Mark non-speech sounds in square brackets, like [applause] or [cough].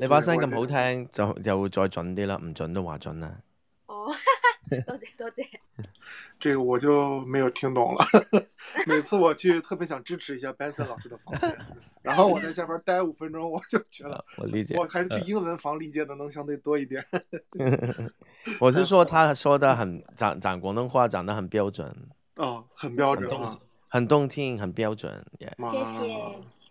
你把聲咁好聽就，就又再準啲啦，唔準都話準啦。哦，多謝多謝。這個我就沒有聽懂了。 [laughs] 每次我去，特別想支持一下 Benson 老師的房間， [laughs] 然後我在下邊待五分鐘，我就覺得我理解，我還是去英文房理解的，能相對多一點。 [laughs] [laughs] 我是說，他說的很講講廣東話，講得很標準。哦，很標準啊，很動很動聽，很標準。Yeah. 謝謝。